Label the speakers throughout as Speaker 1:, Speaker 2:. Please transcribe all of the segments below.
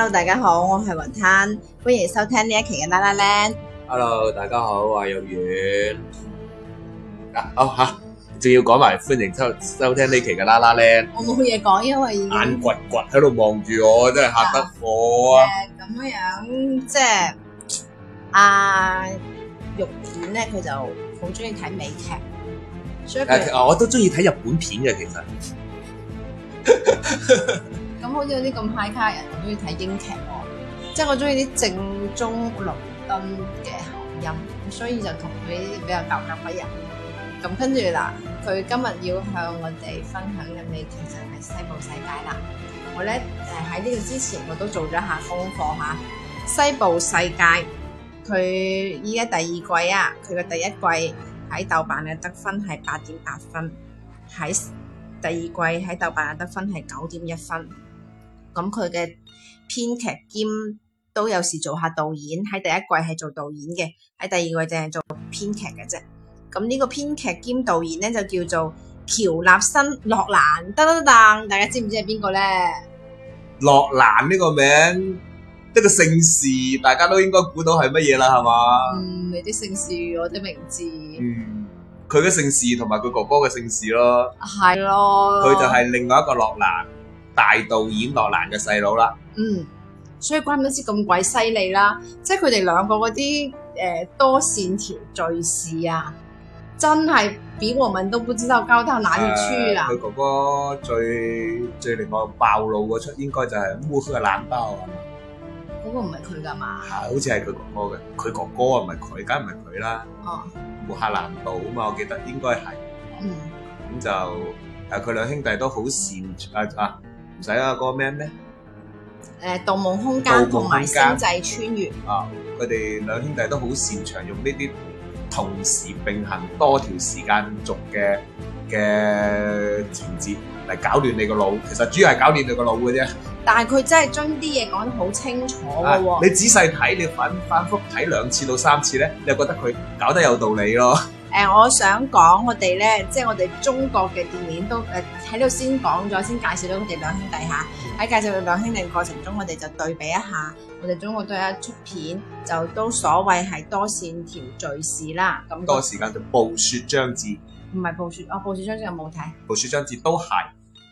Speaker 1: hello，大家好，我係雲吞，歡迎收,收聽呢一期嘅啦啦咧。
Speaker 2: hello，大家好，我係肉丸。啊，好好，仲要講埋歡迎收收聽呢期嘅啦啦咧。
Speaker 1: 我冇嘢講，因為眼
Speaker 2: 掘掘喺度望住我，真係吓得火啊。
Speaker 1: 咁樣樣，即係啊，肉丸咧，佢就好中意睇美劇，所以佢、啊、我都
Speaker 2: 中意睇日本片嘅，其實。
Speaker 1: 咁好似有啲咁嗨卡嘅人，我中意睇英劇喎，即係我中意啲正宗倫敦嘅口音，所以就同佢啲比較格格不入。咁跟住嗱，佢今日要向我哋分享嘅美劇其實係《西部世界》啦。我咧誒，喺呢度之前我都做咗下功課嚇，《西部世界》佢依家第二季啊，佢嘅第一季喺豆瓣嘅得分係八點八分，喺第二季喺豆瓣嘅得分係九點一分。咁佢嘅編劇兼都有時做下導演，喺第一季係做導演嘅，喺第二季淨係做編劇嘅啫。咁呢個編劇兼導演咧就叫做喬納森·洛蘭。噔噔噔，大家知唔知係邊個咧？
Speaker 2: 洛蘭呢個名，呢個姓氏，大家都應該估到係乜嘢啦，係嘛？嗯，
Speaker 1: 你啲姓氏，我啲名字。嗯，
Speaker 2: 佢嘅姓氏同埋佢哥哥嘅姓氏咯，
Speaker 1: 係咯，佢就係
Speaker 2: 另外一個洛蘭。大導演羅蘭嘅細佬啦，
Speaker 1: 嗯，所以關唔到知咁鬼犀利啦，即係佢哋兩個嗰啲誒多線條敘事啊，真係比我們都不知道高到哪裏去了、啊。佢、呃、
Speaker 2: 哥哥最最令我暴露嗰出應該就係、是、烏黑嘅冷包啊，嗰
Speaker 1: 個唔係佢噶嘛，好
Speaker 2: 似係佢哥哥嘅，佢哥哥啊唔係佢，梗係唔係佢啦，烏克蘭島啊嘛，我記得應該係，咁、嗯、就誒佢兩兄弟都好善啊啊！啊唔使啊，嗰個咩咩？
Speaker 1: 誒、呃《盜夢空間》同埋《星際穿越》
Speaker 2: 啊，佢哋兩兄弟都好擅長用呢啲同時並行多條時間軸嘅嘅情節嚟搞亂你個腦。其實主要係搞亂你個腦嘅啫。
Speaker 1: 但係佢真係將啲嘢講得好清楚喎、啊啊。你
Speaker 2: 仔細睇，你反反覆睇兩次到三次咧，你又覺得佢搞得有道理咯。
Speaker 1: 誒、呃，我想講我哋咧，即係我哋中國嘅電影都誒喺度先講咗，先介紹咗佢哋兩兄弟吓。喺介紹佢兩兄弟過程中，我哋就對比一下，我哋中國都有一出片就都所謂係多線條敘事啦。咁、那個、多時
Speaker 2: 間就《暴雪將至》。
Speaker 1: 唔係《暴雪》哦，我《暴雪將至》有冇睇？
Speaker 2: 《暴雪將至》都係，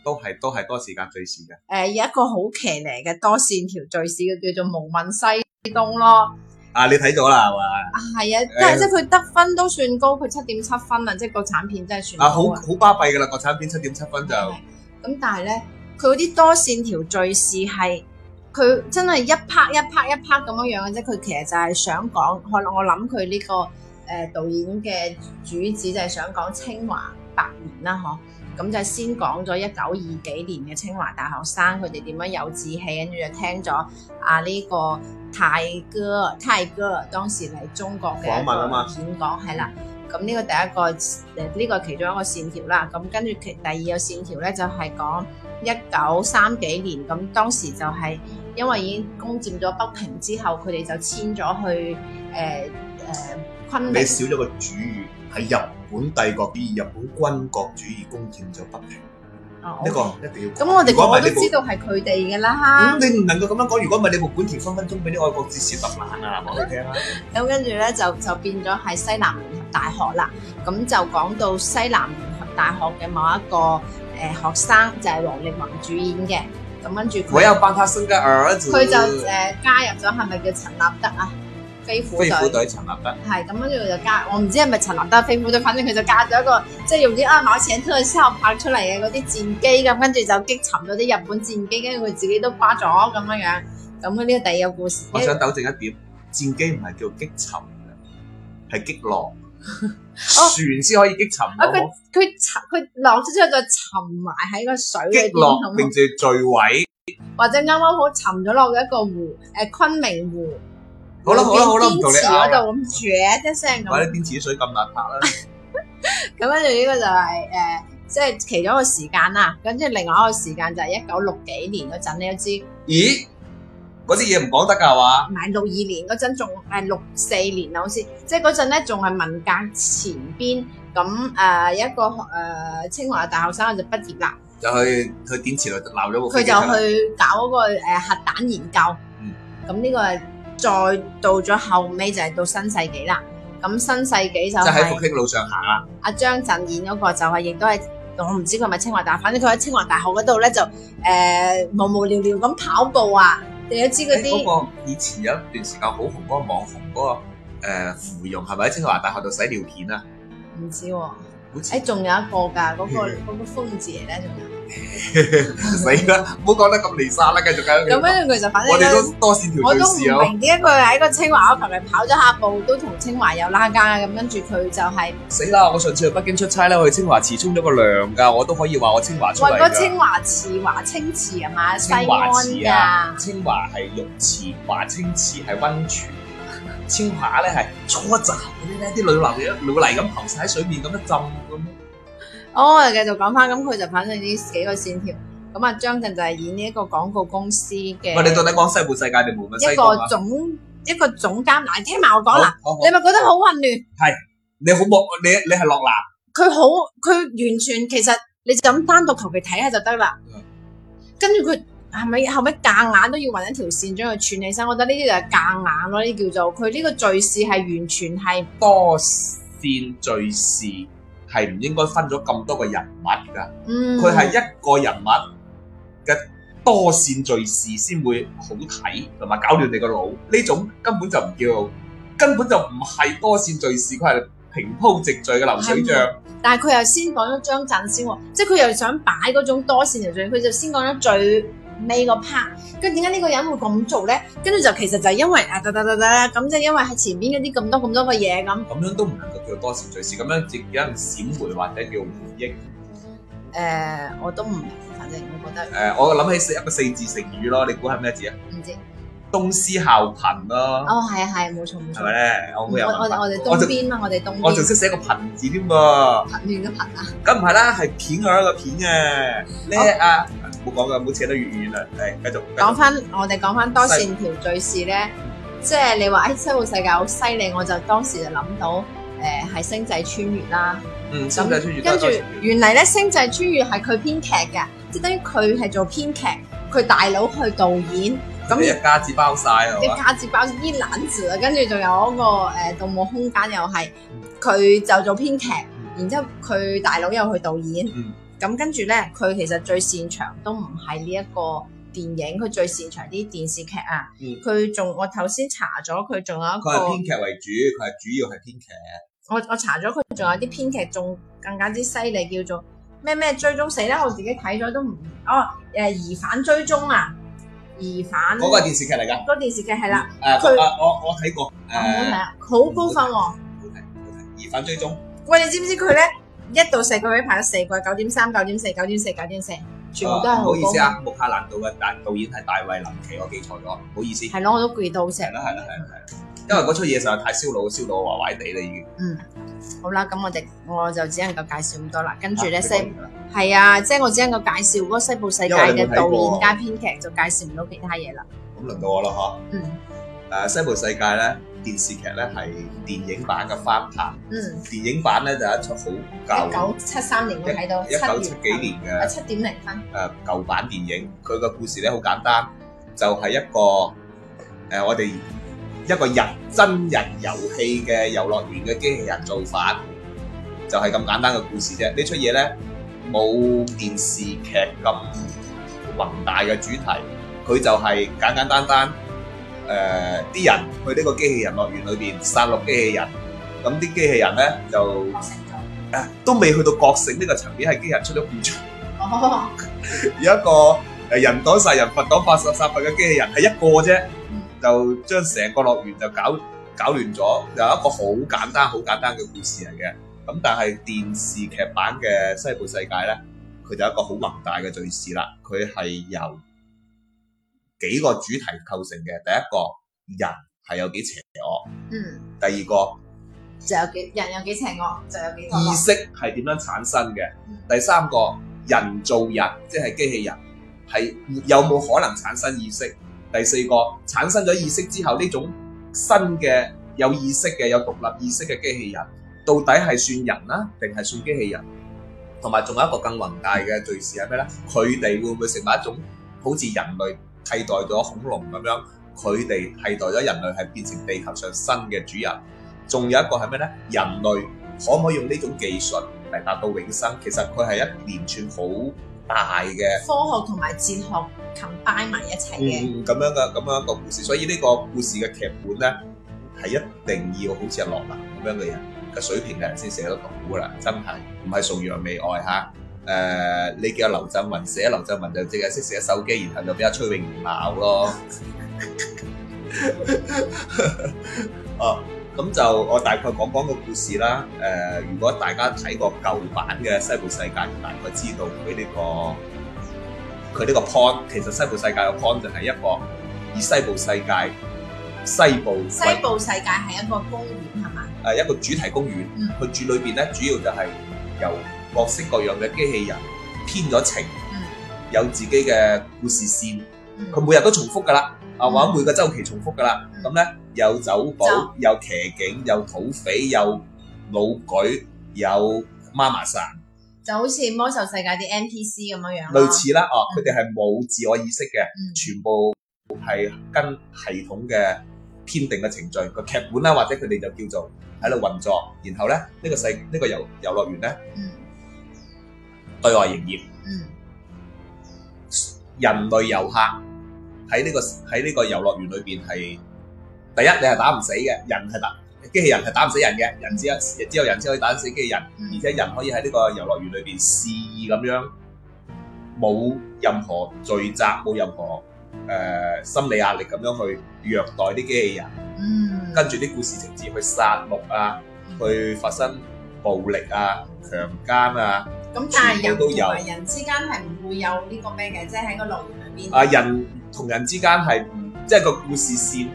Speaker 2: 都係，都係多時間敘事嘅。
Speaker 1: 誒、呃，有一個好騎呢嘅多線條敘事嘅叫做《無問西東》咯。
Speaker 2: 啊！你睇咗啦，係嘛？
Speaker 1: 啊，係啊，哎、即係即係佢得分都算高，佢七點七分啊！即係國產片真係算高啊，好
Speaker 2: 好巴閉㗎喇！國產片七點七分就
Speaker 1: 咁，啊、但係咧，佢嗰啲多線條敘事係佢真係一拍一拍一拍咁樣樣嘅啫。佢其實就係想講，可能我諗佢呢個誒、呃、導演嘅主旨就係想講清華百年啦，嗬。咁就先講咗一九二幾年嘅清華大學生佢哋點樣有志氣，跟住就聽咗啊呢、呢個泰哥，泰哥當時嚟中國嘅演講啊嘛點講係啦，咁、嗯、呢個第一個呢、呢個其中一個線條啦，咁跟住其第二個線條咧就係、是、講。一九三幾年咁，當時就係因為已經攻佔咗北平之後，佢哋就遷咗去誒誒昆明。你少
Speaker 2: 咗個主語，係日本帝國主義、日本軍國主義攻佔咗北平。
Speaker 1: 哦，呢個一定
Speaker 2: 要講。咁我哋如果唔係呢部，我都知道
Speaker 1: 係佢哋嘅啦。咁你
Speaker 2: 唔能夠咁樣講，如果唔係你冇本田分分鐘俾啲外國之士揼爛啊！我哋聽
Speaker 1: 啦。咁跟住咧就就變咗係西南聯合大學啦。咁就講到西南聯合大學嘅某一個。誒，學生就係王力宏主演嘅，咁跟住我要幫
Speaker 2: 他生個兒子。佢就誒
Speaker 1: 加入咗，係咪叫陳立德啊？飛虎隊。飛虎隊
Speaker 2: 陳立德。係，
Speaker 1: 咁跟住就加，我唔知係咪陳立德飛虎隊，反正佢就加咗一個，即係用啲阿毛錢出嚟之後拍出嚟嘅嗰啲戰機咁，跟住就擊沉咗啲日本戰機，跟住佢自己都瓜咗咁樣樣。咁呢個第二個故事。我想糾
Speaker 2: 正一點，戰機唔係叫擊沉嘅，係擊落。船先可以激沉我，
Speaker 1: 佢，啊啊、沉佢落咗之後就沉埋喺個水裏邊，定
Speaker 2: 住墜毀，
Speaker 1: 或者啱啱好沉咗落嘅一個湖，誒，呃、昆明湖，
Speaker 2: 好啦好啦好啦，滇池嗰度
Speaker 1: 咁住一聲咁，或者滇
Speaker 2: 池水咁邋遢啦，
Speaker 1: 咁跟住呢個就係、是、誒，呃，即係其中一個時間啦，跟住另外一個時間就係一九六幾年嗰陣，你都知。
Speaker 2: 咦？嗰啲嘢唔講得噶係嘛？唔
Speaker 1: 係六二年嗰陣仲係六四年好似，即係嗰陣咧仲係文革前邊咁誒，一個誒、呃、清華大學生就畢業啦，
Speaker 2: 就去去電磁爐鬧咗佢就去
Speaker 1: 搞嗰個誒核彈研究。咁呢、嗯嗯嗯這個再到咗後尾，就係到新世紀啦。咁、嗯、新世紀就即喺復興路
Speaker 2: 上行啦、
Speaker 1: 啊。阿張、啊、振演嗰個就係、是、亦都係，我唔知佢係咪清華，大，係反正佢喺清華大學嗰度咧就誒、呃呃、無，無無聊聊咁跑步啊。你都知嗰啲，嗰、哎嗰
Speaker 2: 個、以前有一段時間好紅嗰、嗰個網紅嗰個、呃、芙蓉係咪喺清華大學度洗尿片啊？
Speaker 1: 唔知喎，啊，誒仲好似、哎、有一個㗎，嗰、嗰個嗰的個鳳姐咧仲有。
Speaker 2: 死啦！唔好講得咁離晒啦，繼續繼續。咁樣佢就反正我哋都多線條嘅事咯。我都唔明點
Speaker 1: 解佢喺個清華嗰頭嚟跑咗下步，都同清華有拉架。咁跟住佢就係死啦！我
Speaker 2: 上次去北京出差咧，我去清華池沖咗個涼噶，我都可以話我清華出嚟我係個清
Speaker 1: 華池華清池係嘛？西安嘅
Speaker 2: 清華係浴池，華清池係溫泉。清華咧係搓澡，啲啲女流嘢露麗咁浮晒喺水面咁樣浸。
Speaker 1: 哦，繼續講翻，咁佢就反正呢幾個線條，咁啊張震就係演呢一個廣告公司嘅。喂，你到底講
Speaker 2: 西部世界定冇乜？一個總
Speaker 1: 一個總監，嗱，聽埋我講啦，你係咪覺得好混亂？
Speaker 2: 係，你好莫，你你係落啦。
Speaker 1: 佢好，佢完全其實你就咁單獨求其睇下就得啦。嗯。跟住佢係咪後尾夾硬都要搵一條線將佢串起身？我覺得呢啲就係夾硬咯，呢叫做佢呢個敘事係
Speaker 2: 完全係多線敘事係唔應該分咗咁多個人物㗎？佢係、嗯、一個人物嘅多線敍事先會好睇，同埋搞亂你個腦。呢種根本就唔叫，根本就唔係多線敍事，佢係平鋪直敍嘅流水帳。
Speaker 1: 但係佢又先講咗張震先，即係佢又想擺嗰種多線敍事，佢就先講咗最。呢個 part，跟住點解呢個人會咁做咧？跟住就其實就因為啊，得得得得啦，咁即係因為喺前邊嗰啲咁多咁多嘅嘢咁。咁樣都唔能
Speaker 2: 夠叫多事在事，咁樣只有人閃回或者叫回憶。誒，我都唔，反
Speaker 1: 正我覺得。誒，我
Speaker 2: 諗起四四字成語咯，你估係咩字啊？唔知。東施效顰咯。哦，
Speaker 1: 係啊，係冇錯
Speaker 2: 冇錯咧。我
Speaker 1: 我我哋東邊啊，我哋東邊我仲
Speaker 2: 識寫個“貧”字添
Speaker 1: 噃。
Speaker 2: 貧亂嘅貧啊？咁唔係啦，係片啊，一個片嘅。叻啊！我講噶，唔好扯得越遠啦。係，繼續。
Speaker 1: 講翻我哋講翻多線條敘事咧，即係你話《哎西部世界》好犀利，我就當時就諗到，誒係星際穿越啦。
Speaker 2: 嗯。咁跟住，
Speaker 1: 原嚟咧星際穿越係佢編劇嘅，即係等於佢係做編劇，佢大佬去
Speaker 2: 導演。今日價值包晒啊！價
Speaker 1: 值爆啲冷字啊！跟住仲有一個誒，盜夢空間又係佢就做編劇，然之後佢大佬又去導演。咁跟住咧，佢其實最擅長都唔係呢一個電影，佢最擅長啲電視劇啊。佢仲我頭先查咗，佢仲有一個。佢係編劇
Speaker 2: 為主，佢係主要係編劇。
Speaker 1: 我我查咗，佢仲有啲編劇仲更加之犀利，叫做咩咩追蹤死啦！我自己睇咗都唔哦誒疑犯追蹤啊，疑犯嗰個係電視劇嚟㗎。嗰電視劇係啦，
Speaker 2: 誒佢我我睇過
Speaker 1: 誒，好高分喎，
Speaker 2: 疑犯追蹤。
Speaker 1: 喂，你知唔知佢咧？一到四嗰位排咗四個，九點三、九點四、九點四、九點四，全部都係、啊、好。唔好意思啊，
Speaker 2: 穆赫蘭道嘅大導演係大衛林奇，我記錯咗，唔好意思。係
Speaker 1: 咯，我都攰到好死啦，係啦，係
Speaker 2: 啦，係。嗯、因為嗰出嘢實在太燒腦，燒到我壞壞地啦已經。嗯，
Speaker 1: 好啦，咁我哋我就只能夠介紹咁多啦。跟住咧西係啊，即係、就是、我只能夠介紹嗰個西部世界嘅導演加編劇，就介紹唔到其他嘢啦。
Speaker 2: 咁輪到我啦嗬。嗯。誒、啊《西部世界》呢咧電視劇咧係電影版嘅翻拍，嗯，電影版咧就一出好舊，一九七
Speaker 1: 三年我睇到，一九七,一七幾年嘅，七點零
Speaker 2: 分。誒舊版電影，佢個故事咧好簡單，就係、是、一個誒、呃、我哋一個人真人遊戲嘅遊樂園嘅機器人造反，就係、是、咁簡單嘅故事啫。呢出嘢咧冇電視劇咁宏大嘅主題，佢就係簡簡單單，單，單。誒，啲人去呢個機器人樂園裏邊，殺戮機器人，咁啲機器人咧就誒，都未去到覺醒呢個層面，係機器人出咗故障。哦，
Speaker 1: 有
Speaker 2: 一個誒人擋殺人，佛擋法殺殺佛嘅機器人係一個啫，就將成個樂園就搞搞亂咗。有一個好簡單好簡單嘅故事嚟嘅。咁但係電視劇版嘅西部世界咧，佢就有一個好宏大嘅敘事啦，佢係由。幾個主題構成嘅，第一個人係有幾邪惡？嗯，第二個
Speaker 1: 就有幾人有幾邪惡就有幾多惡意，意識
Speaker 2: 係點樣產生嘅？嗯、第三個人造人即係機器人，係有冇可能產生意識？第四個產生咗意識之後呢種新嘅有意識嘅有獨立意識嘅機器人，到底係算人啦，定係算機器人？同埋仲有一個更宏大嘅敘事係咩咧？佢哋會唔會成為一種好似人類？替代咗恐龍咁樣，佢哋替代咗人類係變成地球上新嘅主人。仲有一個係咩呢？人類可唔可以用呢種技術嚟達到永生？其實佢係一連串好大嘅科
Speaker 1: 學同埋哲學 combine 埋一齊嘅
Speaker 2: 咁樣嘅咁樣一個故事。所以呢個故事嘅劇本呢，係一定要好似阿諾蘭咁樣嘅人嘅水平嘅人先寫得到噶啦，真係唔係崇洋媚外嚇。誒，你叫阿劉震雲寫，劉震雲就淨係識寫手機，然後就俾阿崔永元鬧咯。哦，咁就我大概講講個故事啦。誒，如果大家睇過舊版嘅西部世界，就大概知道佢呢個佢呢個 point。其實西部世界個 point 就係一個，以西部世界西部西部
Speaker 1: 世界係一個公
Speaker 2: 園係嘛？誒，一個主題公園。嗯。佢住裏邊咧，主要就係由。各式各樣嘅機器人編咗程，情嗯、有自己嘅故事線，佢、嗯、每日都重複噶啦，啊或者、嗯、每個周期重複噶啦。咁咧有酒保，有騎警就，有土匪，有老舉，有媽媽生，
Speaker 1: 就好似魔獸世界啲 NPC 咁樣樣。類似
Speaker 2: 啦，哦，佢哋係冇自我意識嘅，嗯、全部係跟系統嘅編定嘅程序個劇本啦，或者佢哋就叫做喺度運作，然後咧呢、這個世、這個、呢個遊遊樂園咧，對外營業，人類遊客喺呢個喺呢個遊樂園裏邊係第一，你係打唔死嘅人係打機器人係打唔死人嘅，人只有只有人先可以打死機器人，而且人可以喺呢個遊樂園裏邊肆意咁樣冇任何罪責，冇任何誒心理壓力咁樣去虐待啲機器人。嗯，跟住啲故事情節去殺戮啊，去發生暴力啊、強姦啊。
Speaker 1: 咁但係人同埋人之間係唔會有呢個咩嘅，即係喺個樂園入邊。啊，
Speaker 2: 人同人之間係即係個故事線，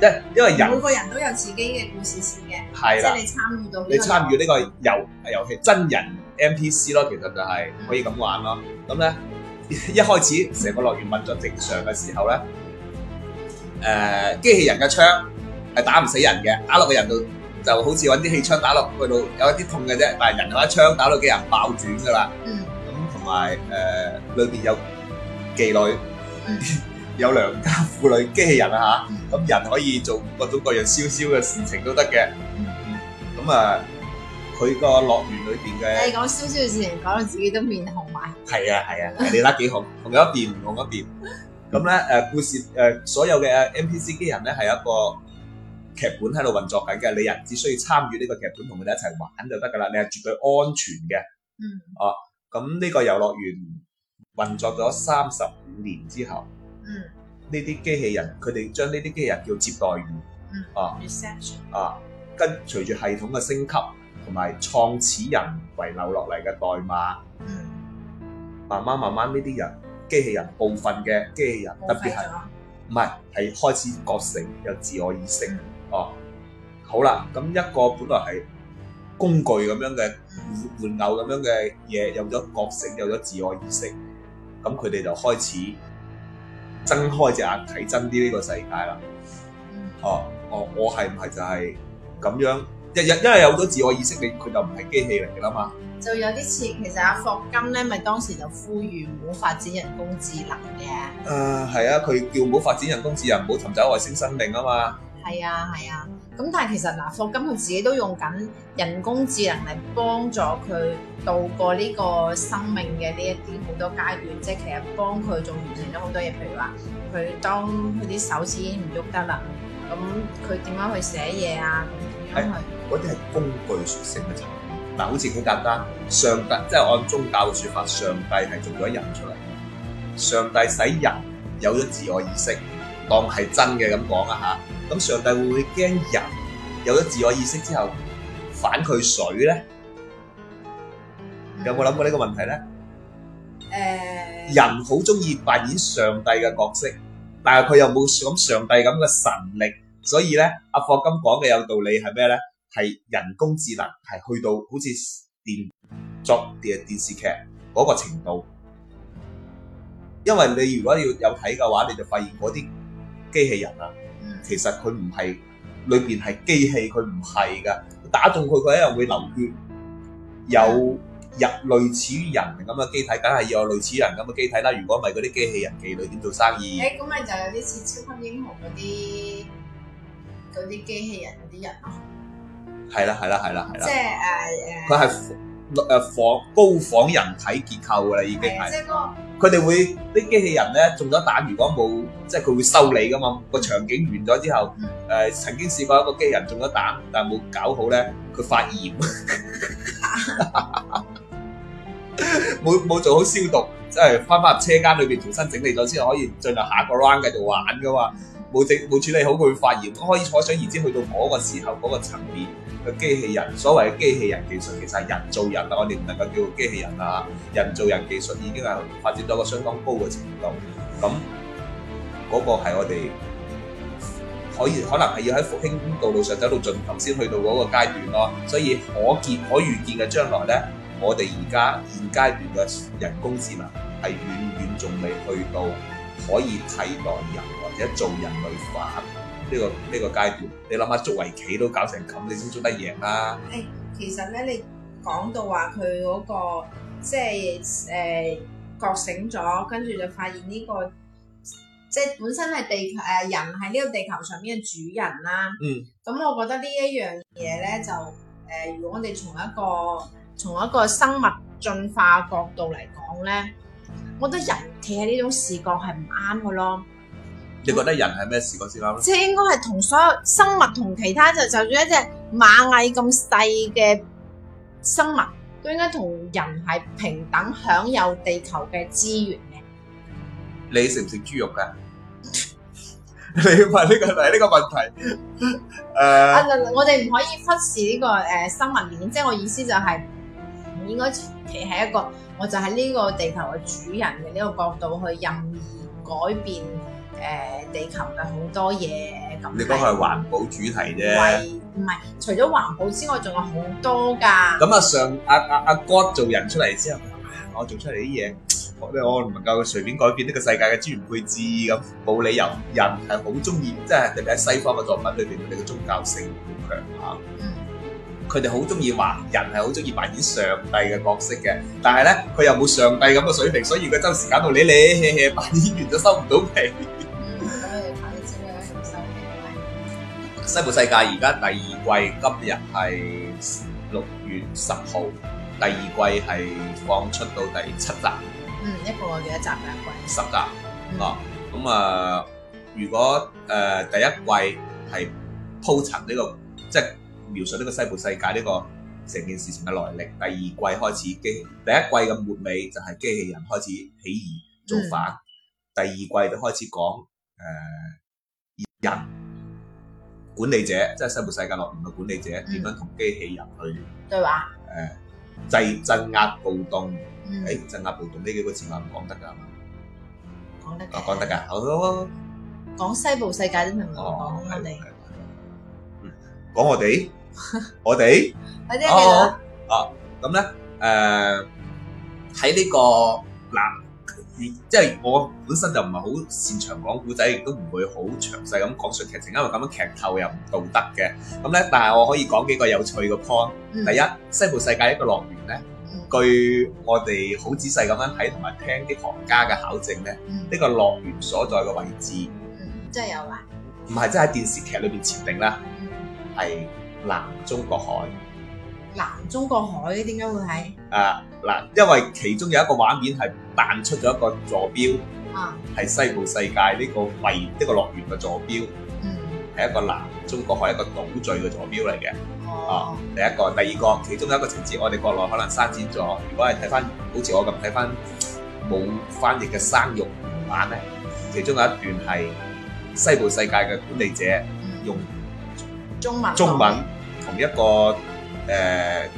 Speaker 2: 即係因為人每個
Speaker 1: 人都有自己嘅故事線嘅。係啦的，即係你參與到
Speaker 2: 你參與呢個遊遊戲真人 NPC 咯，其實就係、是、可以咁玩咯。咁咧一開始成個樂園運作正常嘅時候咧，誒、呃、機器人嘅槍係打唔死人嘅，打落個人都。就好似揾啲氣槍打落去到有一啲痛嘅啫，但係人嘅話，槍打到嘅人爆轉噶啦。咁同埋誒裏邊有妓女，有良家婦女，機器人啊吓。咁人可以做各種各樣燒燒嘅事情都得嘅。咁啊，佢個樂園裏邊嘅，你講燒燒
Speaker 1: 嘅事情，講到自己都面紅埋。
Speaker 2: 係啊係啊，你睇幾好，同一邊唔同一邊。咁咧誒故事誒所有嘅 NPC 機人咧係一個劇本喺度運作緊嘅，你人只需要參與呢個劇本，同佢哋一齊玩就得㗎啦。你係絕對安全嘅。嗯。哦、啊，咁呢個遊樂園運作咗三十五年之後，嗯。呢啲機器人，佢哋將呢啲機器人叫接待員。嗯、啊。啊，跟隨住系統嘅升級，同埋創始人遺留落嚟嘅代碼，嗯。慢慢慢慢，呢啲人機器人部分嘅機器人，器人特別係唔係係開始覺醒有自我意識。嗯。哦，好啦，咁一個本來係工具咁樣嘅、嗯、玩偶咁樣嘅嘢，有咗覺醒，有咗自我意識，咁佢哋就開始睜開隻眼睇真啲呢個世界啦、嗯哦。哦，我我係唔係就係咁樣？日日因為有好多自我意識，你佢就唔係機器嚟噶啦嘛。
Speaker 1: 就有啲似，其實阿霍金咧，咪當時就呼籲唔好發展人工智能嘅。誒、
Speaker 2: 呃，係啊，佢叫唔好發展人工智能，唔好尋找外星生命啊嘛。
Speaker 1: 係啊，係啊。咁但係其實嗱，霍金佢自己都用緊人工智能嚟幫助佢度過呢個生命嘅呢一啲好多階段，即係其實幫佢仲完成咗好多嘢，譬如話佢當佢啲手指已經唔喐得啦，咁佢點樣去寫嘢啊？
Speaker 2: 係嗰啲係工具屬性嘅啫。嗱，好似好簡單，上帝即係按宗教嘅說法，上帝係做咗人出嚟，上帝使人有咗自我意識，當係真嘅咁講啊。吓。咁上帝會唔會驚人有咗自我意識之後反佢水咧？有冇諗過呢個問題咧？
Speaker 1: 誒，
Speaker 2: 人好鍾意扮演上帝嘅角色，但係佢又冇咁上帝咁嘅神力，所以咧，阿霍金講嘅有道理係咩咧？係人工智能係去到好似電作電電視劇嗰個程度，因為你如果要有睇嘅話，你就發現嗰啲機器人啊～其實佢唔係，裏邊係機器，佢唔係㗎，打中佢佢一樣會流血，有入類似於人咁嘅機體，梗係要有類似人咁嘅機體啦。如果唔係嗰啲機器人妓女點做生意？誒、欸，
Speaker 1: 咁咪就有啲似超級英雄嗰啲啲機器人啲人
Speaker 2: 咯。係啦，係啦，係啦，係啦。
Speaker 1: 即係誒
Speaker 2: 誒，佢、哎、係。誒，仿高仿人體結構噶啦，已經係。佢哋會啲的機器人咧中咗彈，如果冇即係佢會修理噶嘛。個的場景完咗之後，誒、嗯呃、曾經試過一個機器人中咗彈，但係冇搞好咧，佢發炎。冇 冇 做好消毒，即係翻返入車間裏邊重新整理咗先，可以進行下一個 round 繼續玩噶嘛。冇整冇處理好，佢會發炎。咁可以可想而知，去到嗰個時候嗰、那個層面。機器人，所謂嘅機器人技術其實係人造人，我哋唔能夠叫機器人啦，人造人技術已經係發展到個相當高嘅程度，咁嗰個係我哋可以可能係要喺復興道路上走到盡頭先去到嗰個階段咯。所以可見可預見嘅將來呢，我哋而家現階段嘅人工智能係遠遠仲未去到可以替代人或者做人類化。呢、這個呢、這個階段，你諗下捉圍棋都搞成咁，你先捉得贏啦、啊。
Speaker 1: 誒，其實咧，你講到話佢嗰個即係誒、呃、覺醒咗，跟住就發現呢、這個即係本身係地球人喺呢個地球上面嘅主人啦、啊。嗯。咁我覺得一呢一樣嘢咧，就誒、呃，如果我哋從一個從一個生物進化角度嚟講咧，我覺得人睇係呢種視覺係唔啱嘅咯。
Speaker 2: 你覺得人係咩事先啱咯？即係、嗯、
Speaker 1: 應該係同所有生物同其他就就算一隻螞蟻咁細嘅生物都應該同人係平等享有地球嘅資源嘅。
Speaker 2: 你食唔食豬肉噶？ 你要問呢、這個呢個題呢、呢個
Speaker 1: 問題？誒，我哋唔可以忽視呢、呢個誒、呃、生物鏈，即係我意思就係唔應該企喺一個我就喺呢個地球嘅主人嘅呢個角度去任意改變。誒，地球嘅好多嘢。咁，你講
Speaker 2: 係環保主題啫，
Speaker 1: 唔係除咗環保之外，仲有好多噶。
Speaker 2: 咁啊，上阿阿阿哥做人出嚟之後，我做出嚟啲嘢，我我唔能夠隨便改變呢個世界嘅資源配置咁，冇理由。人係好中意，即係特別喺西方嘅作品裏邊，佢哋嘅宗教性好強吓。嗯，佢哋好中意話人係好中意扮演上帝嘅角色嘅，但係咧佢又冇上帝咁嘅水平，所以佢周時搞到你，你扮演完就收唔到皮。西部世界而家第二季，今日係六月十號，第二季係放出到第七集。
Speaker 1: 嗯，一個幾多集啊？一季
Speaker 2: 十集。哦、嗯，咁啊、嗯、啊，如果誒、呃、第一季係鋪陳呢個，即、就、係、是、描述呢個西部世界呢個成件事情嘅來歷，第二季開始機，第一季嘅末尾就係機器人開始起義造反，嗯、第二季就開始講誒、呃、人。管理者即係西部世界樂園嘅管理者，點樣同機器人去對話？誒，制鎮壓暴動，誒鎮壓暴動呢幾個字眼唔講得㗎，
Speaker 1: 講
Speaker 2: 得，講得㗎，我都
Speaker 1: 講西部世界明唔明講我哋，嗯，
Speaker 2: 講我哋，我哋，
Speaker 1: 我哋哦，
Speaker 2: 咁咧，誒，喺呢個嗱。即係我本身就唔係好擅長講古仔，亦都唔會好詳細咁講述劇情，因為咁樣劇透又唔道德嘅。咁咧，但係我可以講幾個有趣嘅 point。嗯、第一，西部世界一個樂園咧，嗯、據我哋好仔細咁樣睇同埋聽啲行家嘅考證咧，呢、嗯、個樂園所在嘅位置，即真係有啊？唔係，即係喺電視劇裏邊設定啦，係、嗯、南中國海。
Speaker 1: 南中國海，點解會喺？
Speaker 2: 啊嗱，因為其中有一個畫面係彈出咗一個坐標，係、uh, 西部世界呢個位，呢、這個樂園嘅坐標，係、um, 一個南中國海一個島嶼嘅坐標嚟嘅。Uh, 啊，第一個，第二個，其中有一個情節，我哋國內可能刪剪咗。如果係睇、uh, 翻，好似我咁睇翻冇翻譯嘅生肉原版咧，其中有一段係西部世界嘅管理者、uh, 嗯、用
Speaker 1: 中文中文，
Speaker 2: 同一個。誒，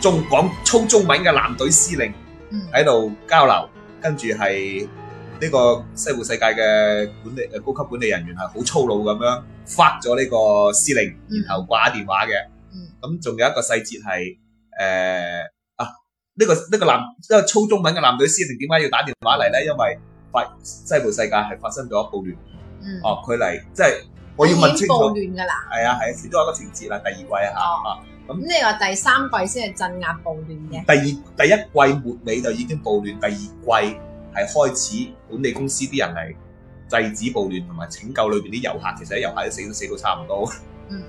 Speaker 2: 仲講粗中文嘅艦隊司令喺度交流，跟住係呢個西部世界嘅管理誒高級管理人員係好粗魯咁樣 fuck 咗呢個司令，然後掛電話嘅。咁仲有一個細節係誒啊呢個呢個男呢個粗中文嘅艦隊司令點解要打電話嚟咧？因為西西部世界係發生咗暴亂，哦佢嚟即係。我要問清楚已經暴亂㗎啦，係啊係啊，始終有個情節啦，第二季、哦、啊，啊、嗯、咁，你
Speaker 1: 係話第三季先係鎮壓暴亂嘅。第二
Speaker 2: 第一季末尾就已經暴亂，第二季係開始管理公司啲人嚟制止暴亂，同埋拯救裏邊啲遊客。其實啲遊客都死都死到差唔多。嗯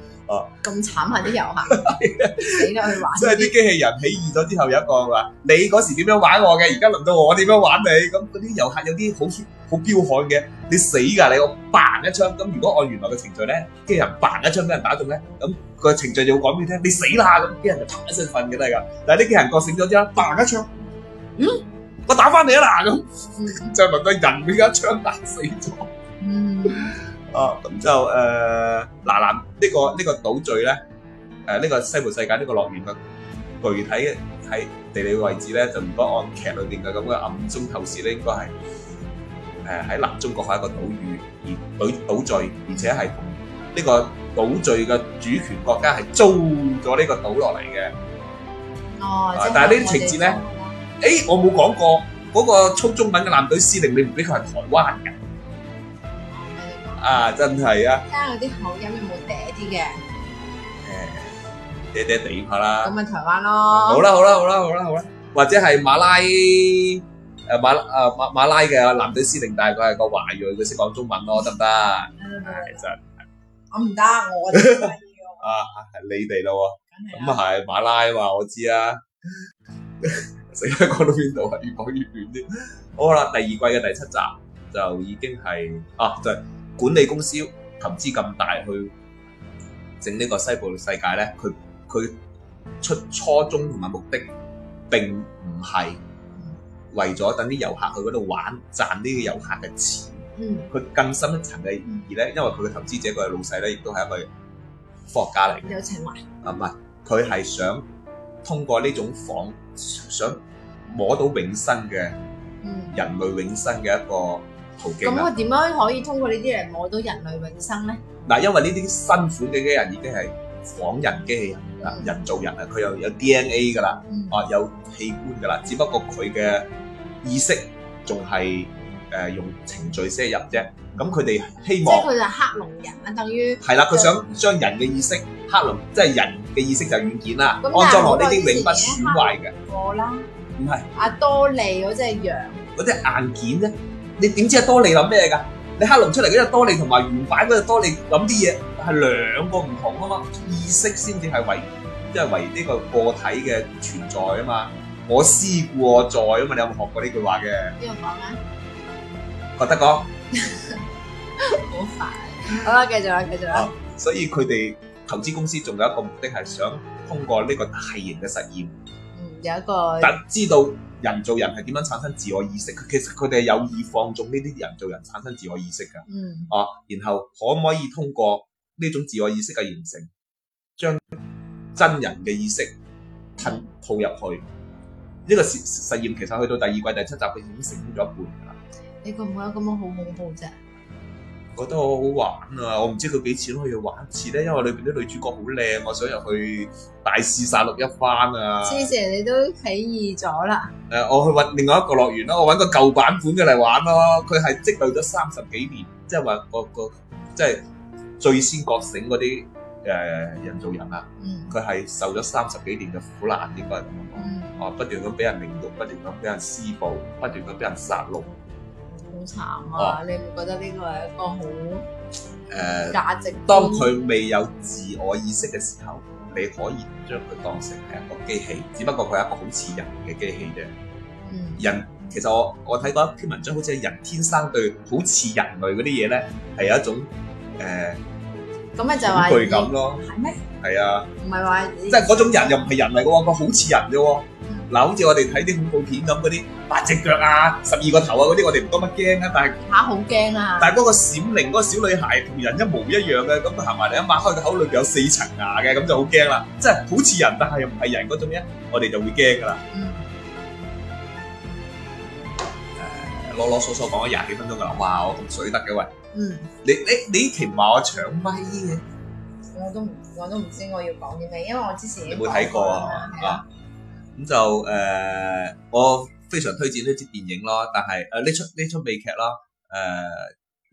Speaker 1: 咁慘係啲遊客， 死啦去玩。即
Speaker 2: 係啲機器人起義咗之後，有一個話： 你嗰時點樣玩我嘅，而家輪到我點樣玩你。咁嗰啲遊客有啲好好彪悍嘅，你死噶你，我嘭一槍。咁如果按原來嘅程序咧，機器人嘭一槍俾人打中咧，咁個程序就會講俾你聽：你死啦咁，俾人就啪一聲瞓嘅都噶。但係呢機器人覺醒咗之後，嘭一槍，嗯，我打翻你啊啦咁，嗯、 就係問個人俾一槍打死咗。嗯 哦，咁之後誒嗱嗱，呢個呢個島嶼咧，誒呢個西部世界呢個樂園嘅具體喺地理位置咧，就唔多按劇裏邊嘅咁嘅暗中透視咧，應該係誒喺南中國海一個島嶼，而島島嶼而且係同呢個島嶼嘅主權國家係租咗呢個島落嚟嘅。
Speaker 1: 哦，但係呢啲情節
Speaker 2: 咧，誒我冇講過嗰個操中文嘅艦隊司令，你唔俾佢係台灣人。啊，真係啊，聽
Speaker 1: 下啲口
Speaker 2: 音有冇嗲啲嘅？誒，嗲嗲哋下啦。咁咪
Speaker 1: 台灣咯。好啦，好啦，好
Speaker 2: 啦，好啦，好啦，或者係馬拉誒、啊、馬啊馬馬拉嘅男隊司令，但係佢係個華裔，佢識講中文咯、啊，得唔得？其實、
Speaker 1: 嗯嗯、我唔得，
Speaker 2: 我 啊係你哋咯喎。咁啊係、啊、馬拉啊嘛，我知啊。成日講到邊度啊？越講越遠啲。好啦，第二季嘅第七集就已經係啊就係。管理公司投資咁大去整呢個西部世界咧，佢佢出初衷同埋目的並唔係為咗等啲遊客去嗰度玩賺呢啲遊客嘅錢。嗯，佢更深一層嘅意義咧，因為佢嘅投資者佢嘅老細咧，亦都係一個科學家嚟嘅。有情懷。啊唔係，佢係想通過呢種房，想摸到永生嘅人類永生嘅一個。咁我
Speaker 1: 點樣可以通過呢啲嚟摸到人類永生咧？
Speaker 2: 嗱，因為呢啲新款嘅機人已經係仿人機器人啊，人造人啊，佢又有 DNA 噶啦，啊有器官噶啦，只不過佢嘅意識仲係誒用程序寫入啫。咁佢哋希望即係
Speaker 1: 佢就克隆人啊，等於係啦，佢想
Speaker 2: 將人嘅意識克隆，即係人嘅意識就係軟件啦，嗯嗯、安裝落呢啲永不損壞嘅。我啦，唔係
Speaker 1: 阿多利嗰隻羊，
Speaker 2: 嗰隻硬件咧。你點知阿多利諗咩㗎？你克隆出嚟嗰隻多利同埋原版嗰隻多利諗啲嘢係兩個唔同啊嘛，意識先至係唯即係唯呢個個體嘅存在啊嘛，我思故我在啊嘛，你有冇學過呢句話嘅？邊個講啊？
Speaker 1: 阿德講。好煩。好啦，繼續啦，繼續啦。
Speaker 2: 所以佢哋投資公司仲有一個目的係想通過呢個大型嘅實驗，
Speaker 1: 有一個，但
Speaker 2: 知道人造人係點樣產生自我意識，其實佢哋係有意放縱呢啲人造人產生自我意識噶。嗯，哦、啊，然後可唔可以通過呢種自我意識嘅形成，將真人嘅意識吞套入去？呢個實實驗其實去到第二季第七集佢已經成功咗一半噶啦。
Speaker 1: 你覺唔覺得咁樣好恐怖啫？
Speaker 2: 覺得好好玩啊！我唔知佢幾錢可以玩一次咧，因為裏邊啲女主角好靚，我想入去大肆殺戮一番啊！師
Speaker 1: 姐，你都起義咗啦？
Speaker 2: 誒、呃，我去揾另外一個樂園咯，我揾個舊版本嘅嚟玩咯、啊。佢係積累咗三十幾年，即係話個個即係、就是、最先覺醒嗰啲誒人造人啊，佢係、嗯、受咗三十幾年嘅苦難，應該咁樣哦不斷咁俾人凌辱、嗯啊，不斷咁俾人施暴，不斷咁俾人、人殺戮。
Speaker 1: 好慘啊！你會
Speaker 2: 覺得呢個係一個好誒價值？當佢未有自我意識嘅時候，你可以將佢當成係一個機器，只不過佢係一個好似人嘅機器啫。嗯，人其實我我睇過一篇文章，好似人天生對好似人類嗰啲嘢咧，係有一種誒恐懼感咯，係咩嗎？係啊，唔
Speaker 1: 係話即
Speaker 2: 係嗰種人又唔係人嚟嘅喎，佢好似人嘅。嗱，好似我哋睇啲恐怖片咁嗰啲八隻腳啊、十二個頭啊嗰啲，我哋唔多乜驚啊，但係
Speaker 1: 吓，好驚啊！但
Speaker 2: 係嗰個閃靈嗰個小女孩同人一模一樣嘅，咁佢行埋嚟一擘開個口裏邊有四層牙嘅，咁就好驚啦！真係好似人，但係又唔係人嗰種咩？我哋就會驚噶啦。誒、嗯，囉囉嗦嗦講咗廿幾分鐘啦，哇！我咁水得嘅喂，嗯，你你你以前話我搶麥嘅，
Speaker 1: 我都我都唔知我要講啲咩，因為我之前冇睇過啊。
Speaker 2: 咁就誒、呃，我非常推薦呢支電影咯，但係誒呢出呢出美劇咯，誒、呃、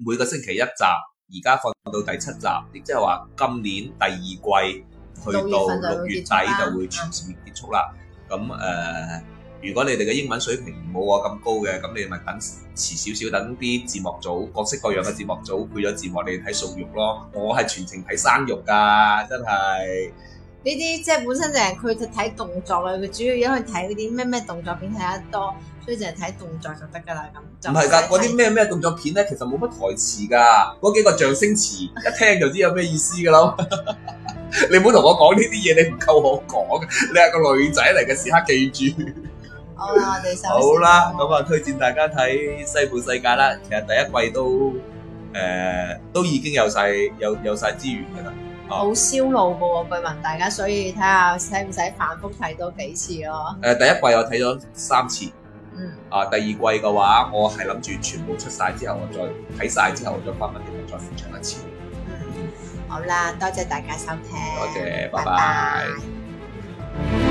Speaker 2: 每個星期一集，而家放到第七集，亦即係話今年第二季去到六月底就會全線結束啦。咁誒、啊呃，如果你哋嘅英文水平冇我咁高嘅，咁你咪等遲少少，等啲字幕組，各式各樣嘅字幕組配咗字幕，你睇熟肉咯。我係全程睇生肉噶，真係。
Speaker 1: 呢啲即係本身就係佢睇動作嘅，佢主要因為睇嗰啲咩咩動作片睇得多，所以淨係睇動作就得噶啦。咁就唔係噶，嗰
Speaker 2: 啲咩咩動作片咧，其實冇乜台詞噶，嗰幾個象聲詞 一聽就知有咩意思噶囉。 你唔好同我講呢啲嘢，你唔夠我講嘅，你係個女仔嚟嘅，時刻記住。
Speaker 1: Oh, 好啦，我哋收。好啦，
Speaker 2: 咁啊，推薦大家睇《西部世界》啦。其實第一季都誒、呃、都已經有晒有有晒資源噶啦。Uh, 好
Speaker 1: 燒腦嘅喎，據聞大家，所以睇下使唔使反覆睇多幾次咯。
Speaker 2: 誒、呃，第一季我睇咗三次。嗯。啊，第二季嘅話，我係諗住全部出晒之後，我再睇晒之後，我再翻返嚟再翻長一次。嗯，
Speaker 1: 好啦，多謝大家收聽。多謝，拜拜。
Speaker 2: 拜拜。